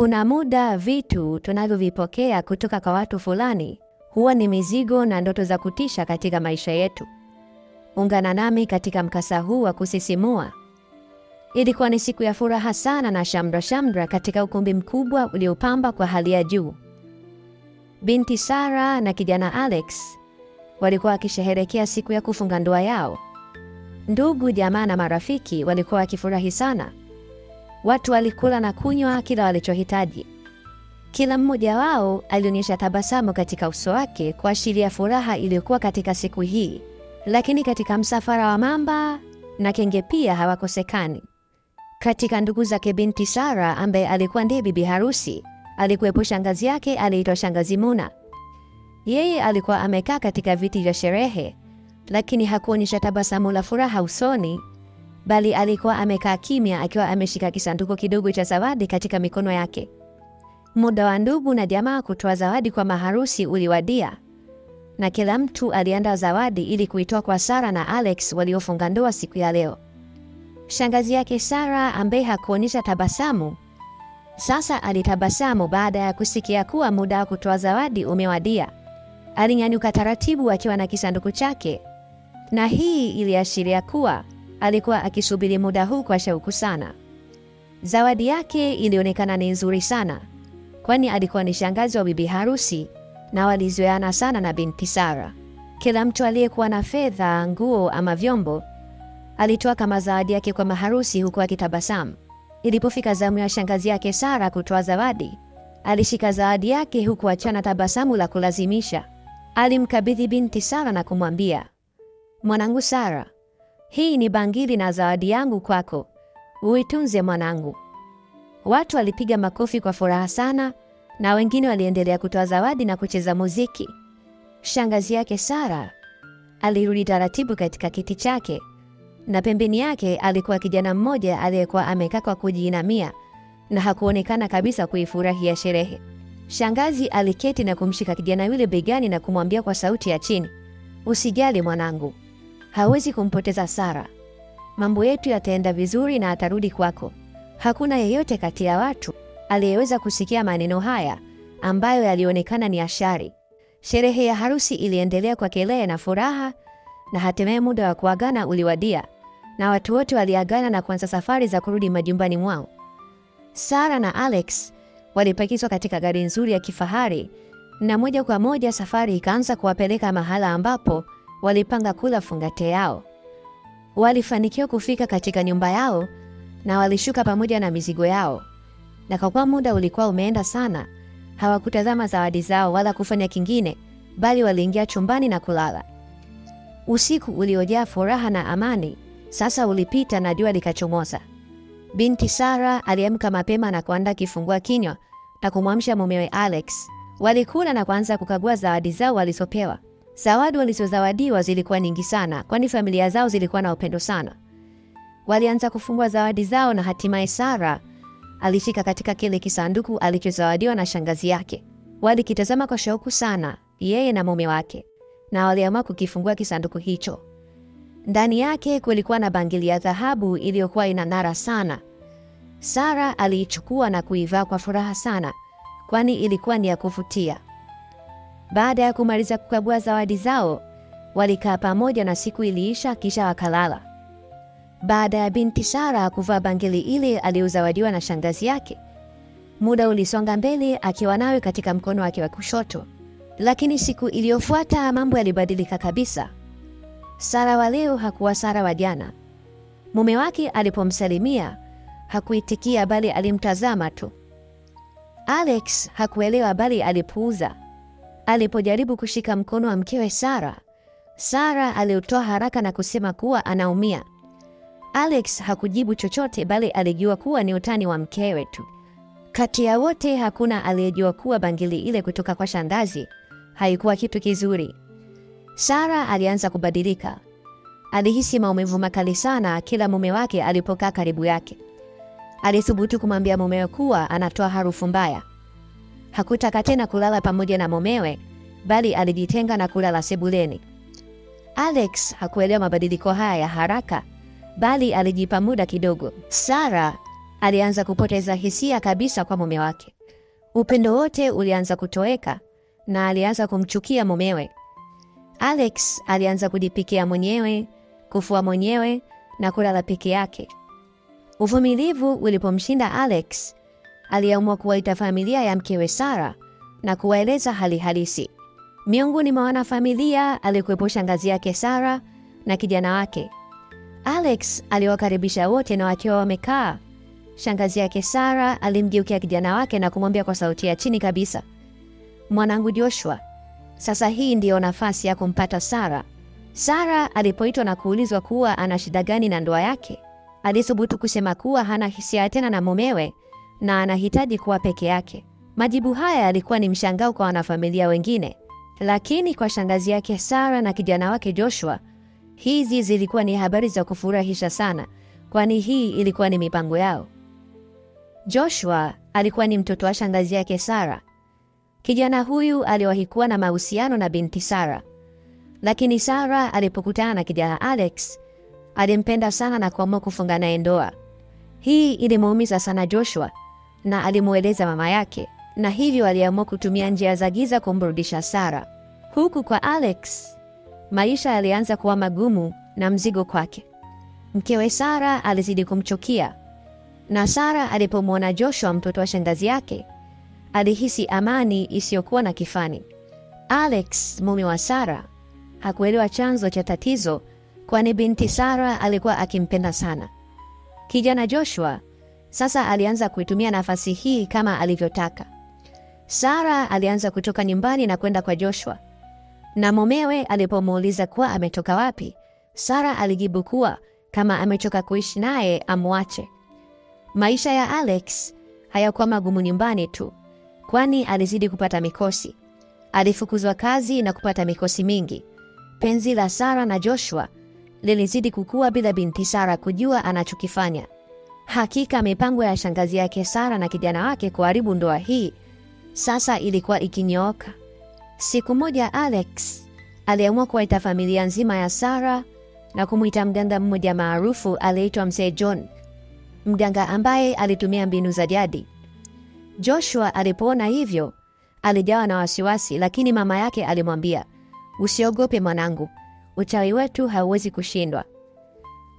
Kuna muda vitu tunavyovipokea kutoka kwa watu fulani huwa ni mizigo na ndoto za kutisha katika maisha yetu. Ungana nami katika mkasa huu wa kusisimua. Ilikuwa ni siku ya furaha sana na shamra shamra katika ukumbi mkubwa uliopamba kwa hali ya juu. Binti Sara na kijana Alex walikuwa wakisherehekea siku ya kufunga ndoa yao. Ndugu, jamaa na marafiki walikuwa wakifurahi sana Watu walikula na kunywa kila walichohitaji. Kila mmoja wao alionyesha tabasamu katika uso wake kuashiria furaha iliyokuwa katika siku hii. Lakini katika msafara wa mamba na kenge pia hawakosekani. Katika ndugu zake binti Sara ambaye alikuwa ndiye bibi harusi, alikuwepo shangazi yake aliitwa Shangazi Muna. Yeye alikuwa amekaa katika viti vya sherehe, lakini hakuonyesha tabasamu la furaha usoni bali alikuwa amekaa kimya akiwa ameshika kisanduku kidogo cha zawadi katika mikono yake. Muda wa ndugu na jamaa kutoa zawadi kwa maharusi uliwadia, na kila mtu alianda zawadi ili kuitoa kwa Sara na Alex waliofunga ndoa siku ya leo. Shangazi yake Sara ambaye hakuonyesha tabasamu sasa alitabasamu baada ya kusikia kuwa muda wa kutoa zawadi umewadia. Alinyanyuka taratibu akiwa na kisanduku chake, na hii iliashiria kuwa Alikuwa akisubiri muda huu kwa shauku sana. Zawadi yake ilionekana ni nzuri sana, kwani alikuwa ni shangazi wa bibi harusi na walizoeana sana na binti Sara. Kila mtu aliyekuwa na fedha, nguo ama vyombo alitoa kama zawadi yake kwa maharusi, huku akitabasamu. Ilipofika zamu ya shangazi yake Sara kutoa zawadi, alishika zawadi yake huku achana tabasamu la kulazimisha. Alimkabidhi binti Sara na kumwambia, mwanangu Sara, hii ni bangili na zawadi yangu kwako, uitunze mwanangu. Watu walipiga makofi kwa furaha sana, na wengine waliendelea kutoa zawadi na kucheza muziki. Shangazi yake Sara alirudi taratibu katika kiti chake, na pembeni yake alikuwa kijana mmoja aliyekuwa amekaa kwa kujiinamia na hakuonekana kabisa kuifurahia sherehe. Shangazi aliketi na kumshika kijana yule begani na kumwambia kwa sauti ya chini, usijali mwanangu hawezi kumpoteza Sara. Mambo yetu yataenda vizuri na atarudi kwako. Hakuna yeyote kati ya watu aliyeweza kusikia maneno haya ambayo yalionekana ni ashari. Sherehe ya harusi iliendelea kwa kelele na furaha, na hatimaye muda wa kuagana uliwadia, na watu wote waliagana na kuanza safari za kurudi majumbani mwao. Sara na Alex walipakizwa katika gari nzuri ya kifahari, na moja kwa moja safari ikaanza kuwapeleka mahala ambapo walipanga kula fungate yao. Walifanikiwa kufika katika nyumba yao na walishuka pamoja na mizigo yao, na kwa kuwa muda ulikuwa umeenda sana, hawakutazama zawadi zao wala kufanya kingine, bali waliingia chumbani na kulala. Usiku uliojaa furaha na amani sasa ulipita na jua likachomoza. Binti Sara aliamka mapema na kuandaa kifungua kinywa na kumwamsha mumewe Alex. Walikula na kuanza kukagua zawadi zao walizopewa. Zawadi walizozawadiwa zilikuwa nyingi sana, kwani familia zao zilikuwa na upendo sana. Walianza kufungua zawadi zao na hatimaye Sara alifika katika kile kisanduku alichozawadiwa na shangazi yake. Walikitazama kwa shauku sana, yeye na mume wake, na waliamua kukifungua kisanduku hicho. Ndani yake kulikuwa na bangili ya dhahabu iliyokuwa inang'ara sana. Sara aliichukua na kuivaa kwa furaha sana, kwani ilikuwa ni ya kuvutia. Baada ya kumaliza kukagua zawadi zao, walikaa pamoja na siku iliisha, kisha wakalala. Baada ya binti Sara kuvaa bangili ile aliyozawadiwa na shangazi yake, muda ulisonga mbele, akiwa nawe katika mkono wake wa kushoto. Lakini siku iliyofuata mambo yalibadilika kabisa. Sara wa leo hakuwa Sara wa jana. Mume wake alipomsalimia hakuitikia, bali alimtazama tu. Alex hakuelewa, bali alipuuza. Alipojaribu kushika mkono wa mkewe Sara, Sara aliutoa haraka na kusema kuwa anaumia. Alex hakujibu chochote, bali alijua kuwa ni utani wa mkewe tu. Kati ya wote hakuna aliyejua kuwa bangili ile kutoka kwa shangazi haikuwa kitu kizuri. Sara alianza kubadilika. Alihisi maumivu makali sana kila mume wake alipokaa karibu yake. Alithubutu kumwambia mumewe kuwa anatoa harufu mbaya. Hakutaka tena kulala pamoja na mumewe, bali alijitenga na kulala sebuleni. Alex hakuelewa mabadiliko haya ya haraka, bali alijipa muda kidogo. Sara alianza kupoteza hisia kabisa kwa mume wake. Upendo wote ulianza kutoweka na alianza kumchukia mumewe. Alex alianza kujipikia mwenyewe, kufua mwenyewe na kulala peke yake. Uvumilivu ulipomshinda Alex, aliamua kuwaita familia ya mkewe Sara na kuwaeleza hali halisi. Miongoni mwa wanafamilia alikuwepo shangazi yake Sara na kijana wake Alex. Aliwakaribisha wote na wakiwa wamekaa, shangazi yake Sara alimgeukia kijana wake na kumwambia kwa sauti ya chini kabisa, mwanangu Joshua, sasa hii ndiyo nafasi ya kumpata Sara. Sara alipoitwa na kuulizwa kuwa ana shida gani na ndoa yake, alithubutu kusema kuwa hana hisia tena na mumewe na anahitaji kuwa peke yake. Majibu haya yalikuwa ni mshangao kwa wanafamilia wengine, lakini kwa shangazi yake Sara na kijana wake Joshua, hizi zilikuwa ni habari za kufurahisha sana, kwani hii ilikuwa ni mipango yao. Joshua alikuwa ni mtoto wa shangazi yake Sara. Kijana huyu aliwahi kuwa na mahusiano na binti Sara, lakini Sara alipokutana na kijana Alex alimpenda sana na kuamua kufunga naye ndoa. Hii ilimuumiza sana Joshua, na alimweleza mama yake, na hivyo aliamua kutumia njia za giza kumrudisha Sara. Huku kwa Alex maisha yalianza kuwa magumu na mzigo kwake. Mkewe Sara alizidi kumchukia, na Sara alipomwona Joshua, mtoto wa shangazi yake, alihisi amani isiyokuwa na kifani. Alex, mume wa Sara, hakuelewa chanzo cha tatizo, kwani binti Sara alikuwa akimpenda sana kijana Joshua. Sasa alianza kuitumia nafasi hii kama alivyotaka. Sara alianza kutoka nyumbani na kwenda kwa Joshua, na mumewe alipomuuliza kuwa ametoka wapi, Sara alijibu kuwa kama amechoka kuishi naye amwache. Maisha ya Alex hayakuwa magumu nyumbani tu, kwani alizidi kupata mikosi. Alifukuzwa kazi na kupata mikosi mingi. Penzi la Sara na Joshua lilizidi kukua bila binti Sara kujua anachokifanya. Hakika mipango ya shangazi yake Sara na kijana wake kuharibu ndoa hii sasa ilikuwa ikinyooka. Siku moja Alex aliamua kuwaita familia nzima ya Sara na kumwita mganga mmoja maarufu aliyeitwa Mzee John, mganga ambaye alitumia mbinu za jadi. Joshua alipoona hivyo alijawa na wasiwasi, lakini mama yake alimwambia, usiogope mwanangu, uchawi wetu hauwezi kushindwa.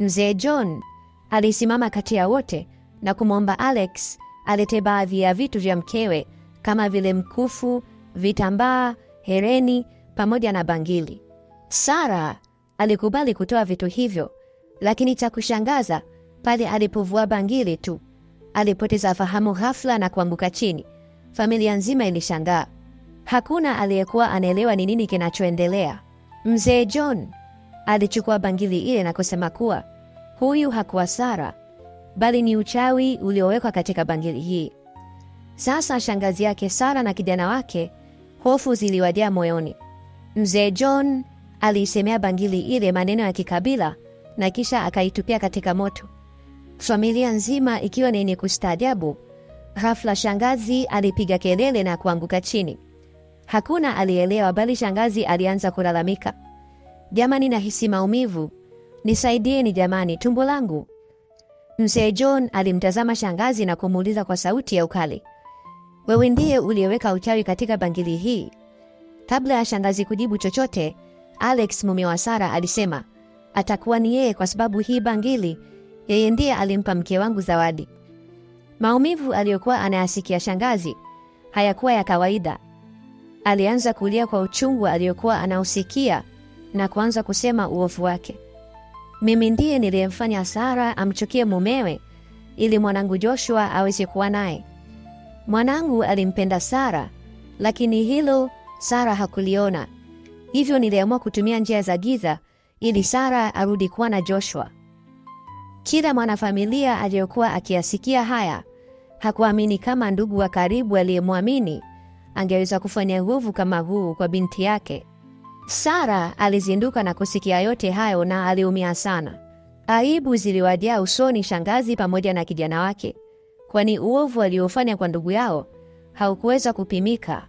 Mzee John alisimama kati ya wote na kumwomba Alex alete baadhi ya vitu vya mkewe kama vile mkufu, vitambaa, hereni pamoja na bangili. Sara alikubali kutoa vitu hivyo, lakini cha kushangaza, pale alipovua bangili tu alipoteza fahamu ghafla na kuanguka chini. Familia nzima ilishangaa, hakuna aliyekuwa anaelewa ni nini kinachoendelea. Mzee John alichukua bangili ile na kusema kuwa Huyu hakuwa Sara, bali ni uchawi uliowekwa katika bangili hii. Sasa shangazi yake Sara na kijana wake, hofu ziliwajaa moyoni. Mzee John aliisemea bangili ile maneno ya kikabila na kisha akaitupia katika moto, familia nzima ikiwa ni yenye kustaajabu. Ghafla shangazi alipiga kelele na kuanguka chini. Hakuna alielewa, bali shangazi alianza kulalamika, jamani, nahisi maumivu, Nisaidieni jamani, tumbo langu. Mzee John alimtazama shangazi na kumuuliza kwa sauti ya ukali, wewe ndiye uliyeweka uchawi katika bangili hii? Kabla ya shangazi kujibu chochote, Alex mume wa Sara alisema atakuwa ni yeye, kwa sababu hii bangili yeye ndiye alimpa mke wangu zawadi. Maumivu aliyokuwa anayasikia shangazi hayakuwa ya kawaida. Alianza kulia kwa uchungu aliyokuwa anausikia na kuanza kusema uovu wake. Mimi ndiye niliyemfanya Sara amchukie mumewe ili mwanangu Joshua aweze kuwa naye. Mwanangu alimpenda Sara, lakini hilo Sara hakuliona. Hivyo niliamua kutumia njia za giza ili Sara arudi kuwa na Joshua. Kila mwanafamilia aliyokuwa akiyasikia haya hakuamini kama ndugu wa karibu aliyemwamini angeweza kufanya uovu kama huu kwa binti yake. Sara alizinduka na kusikia yote hayo na aliumia sana. Aibu ziliwajaa usoni shangazi pamoja na kijana wake, kwani uovu aliofanya kwa ndugu yao haukuweza kupimika.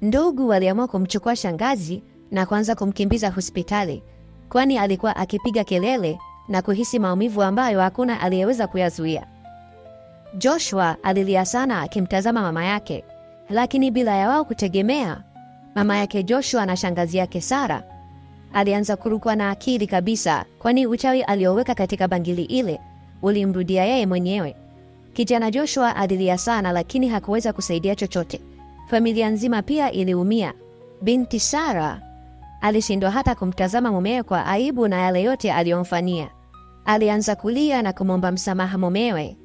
Ndugu waliamua kumchukua shangazi na kuanza kumkimbiza hospitali, kwani alikuwa akipiga kelele na kuhisi maumivu ambayo hakuna aliyeweza kuyazuia. Joshua alilia sana akimtazama mama yake, lakini bila ya wao kutegemea mama yake Joshua na shangazi yake Sara. Alianza kurukwa na akili kabisa, kwani uchawi alioweka katika bangili ile ulimrudia yeye mwenyewe. Kijana Joshua alilia sana, lakini hakuweza kusaidia chochote. Familia nzima pia iliumia. Binti Sara alishindwa hata kumtazama mumewe kwa aibu na yale yote aliyomfanyia. Alianza kulia na kumwomba msamaha mumewe.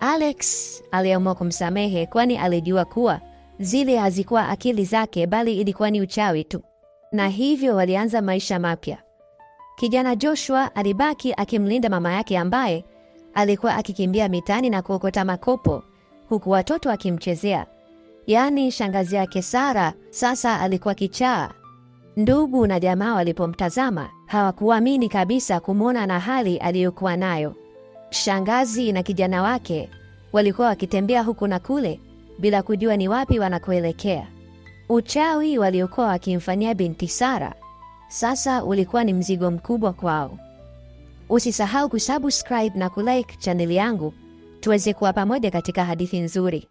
Alex aliamua kumsamehe, kwani alijua kuwa Zile hazikuwa akili zake, bali ilikuwa ni uchawi tu, na hivyo walianza maisha mapya. Kijana Joshua alibaki akimlinda mama yake ambaye alikuwa akikimbia mitaani na kuokota makopo huku watoto akimchezea. Yaani shangazi yake Sara sasa alikuwa kichaa. Ndugu na jamaa walipomtazama hawakuamini kabisa kumwona na hali aliyokuwa nayo. Shangazi na kijana wake walikuwa wakitembea huku na kule bila kujua ni wapi wanakoelekea Uchawi waliokuwa wakimfanyia binti Sara sasa ulikuwa ni mzigo mkubwa kwao. Usisahau kusubscribe na kulike chaneli yangu tuweze kuwa pamoja katika hadithi nzuri.